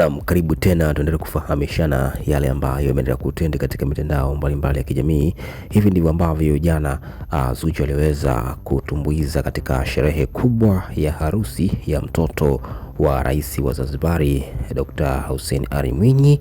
Naam, karibu tena, tuendelee kufahamishana yale ambayo yameendelea kutendi katika mitandao mbalimbali ya kijamii. Hivi ndivyo ambavyo jana uh, Zuchu aliweza kutumbuiza katika sherehe kubwa ya harusi ya mtoto wa rais wa Zanzibari Dr. Hussein Ali Mwinyi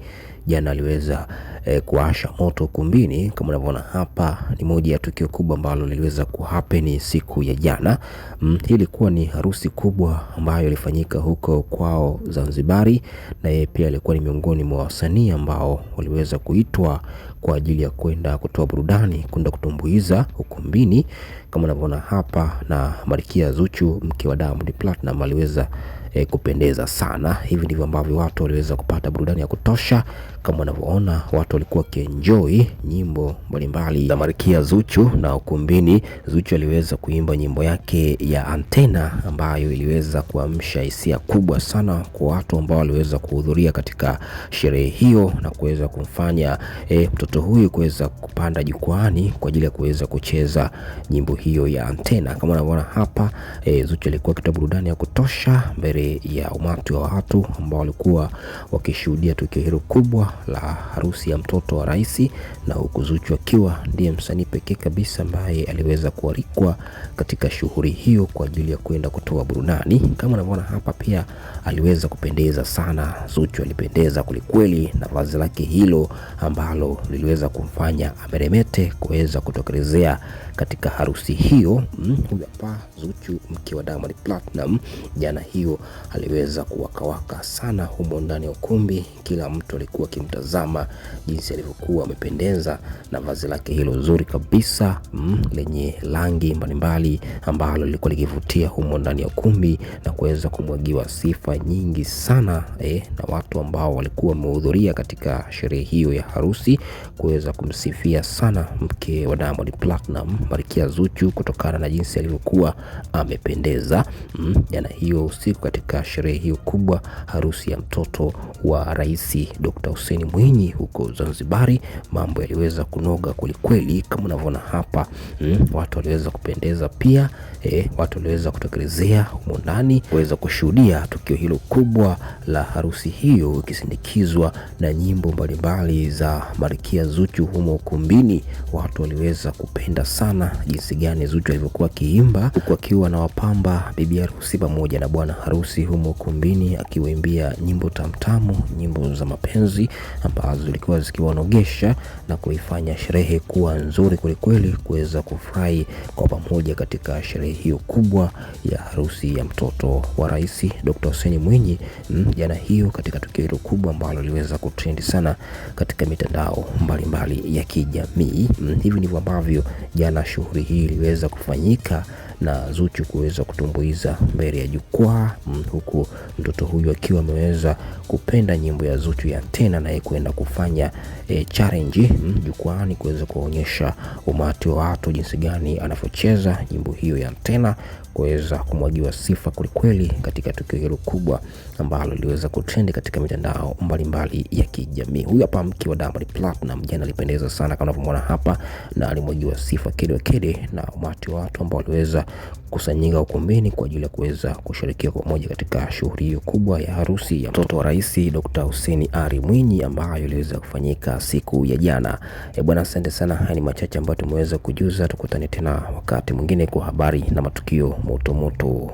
jana aliweza e, eh, kuasha moto kumbini. Kama unavyoona hapa, ni moja ya tukio kubwa ambalo liliweza kuhappen siku ya jana. Mm, hii ilikuwa ni harusi kubwa ambayo ilifanyika huko kwao Zanzibari, na yeye pia alikuwa ni miongoni mwa wasanii ambao waliweza kuitwa kwa ajili ya kwenda kutoa burudani, kwenda kutumbuiza ukumbini kama unavyoona hapa, na Malkia Zuchu mke wa Diamond Platnumz aliweza e, kupendeza sana. Hivi ndivyo ambavyo watu waliweza kupata burudani ya kutosha kama unavyoona watu walikuwa wakienjoy nyimbo mbalimbali za Malkia Zuchu, na ukumbini Zuchu aliweza kuimba nyimbo yake ya Antena ambayo iliweza kuamsha hisia kubwa sana kwa watu ambao waliweza kuhudhuria katika sherehe hiyo na kuweza kumfanya e, mtoto huyu kuweza kupanda jukwani kwa ajili ya kuweza kucheza nyimbo hiyo ya Antena. Kama unavyoona hapa e, Zuchu alikuwa akitoa burudani ya kutosha mbele ya umati wa watu ambao walikuwa wakishuhudia tukio hilo kubwa la harusi ya mtoto wa rais, na huku Zuchu akiwa ndiye msanii pekee kabisa ambaye aliweza kualikwa katika shughuli hiyo kwa ajili ya kwenda kutoa burudani. Kama unavyoona hapa, pia aliweza kupendeza sana. Zuchu alipendeza kwelikweli na vazi lake hilo ambalo liliweza kumfanya ameremete kuweza kutokelezea katika harusi hiyo. Mm, huyu hapa Zuchu mke wa Diamond Platinum, jana hiyo aliweza kuwakawaka sana humo ndani ya ukumbi. Kila mtu alikuwa akimtazama jinsi alivyokuwa amependeza na vazi lake hilo zuri kabisa mm, lenye rangi mbalimbali ambalo lilikuwa likivutia humo ndani ya ukumbi na kuweza kumwagiwa sifa nyingi sana eh, na watu ambao walikuwa wamehudhuria katika sherehe hiyo ya harusi kuweza kumsifia sana mke wa Diamond Platinum kumbarikia Zuchu kutokana na jinsi alivyokuwa amependeza mm, hiyo usiku katika sherehe hiyo kubwa, harusi ya mtoto wa Rais Dr. Hussein Mwinyi huko Zanzibari. Mambo yaliweza kunoga kwelikweli, kama unavyoona hapa mm, watu waliweza kupendeza pia eh, watu waliweza kutokelezea humo ndani kuweza kushuhudia tukio hilo kubwa la harusi hiyo ikisindikizwa na nyimbo mbalimbali za Malkia Zuchu humo ukumbini. Watu waliweza kupenda sana sana jinsi gani Zuchu alivyokuwa akiimba huku akiwa na wapamba bibi harusi pamoja na bwana harusi humo ukumbini, akiwaimbia nyimbo tamtamu, nyimbo za mapenzi ambazo zilikuwa zikiwanogesha na kuifanya sherehe kuwa nzuri kwelikweli, kuweza kufurahi kwa pamoja katika sherehe hiyo kubwa ya harusi ya mtoto wa Rais Dr. Hussein Mwinyi mm, jana hiyo, katika tukio hilo kubwa ambalo liliweza kutrendi sana katika mitandao mbalimbali mbali ya kijamii. Mm, hivi ndivyo ambavyo jana la shughuli hii iliweza kufanyika na Zuchu kuweza kutumbuiza mbele ya jukwaa, mm, huku mtoto huyu akiwa ameweza kupenda nyimbo ya Zuchu ya tena naye kuenda kufanya e, challenge mm, jukwaani kuweza kuonyesha umati wa watu jinsi gani anavyocheza nyimbo hiyo ya tena kuweza kumwagiwa sifa kwelikweli katika tukio hilo kubwa ambalo liliweza kutrendi katika mitandao mbalimbali ya kijamii. Huyu hapa mke wa Diamond Platnumz jana alipendeza sana kama unavyomwona hapa, na alimwagiwa sifa kede kede na umati wa watu ambao waliweza kusanyika ukumbini kwa ajili ya kuweza kushirikia pamoja katika shughuli hiyo kubwa ya harusi ya mtoto wa Rais Dr. Hussein Ali Mwinyi ambayo iliweza kufanyika siku ya jana. E bwana, asante sana. Haya ni machache ambayo tumeweza kujuza. Tukutane tena wakati mwingine kwa habari na matukio motomoto.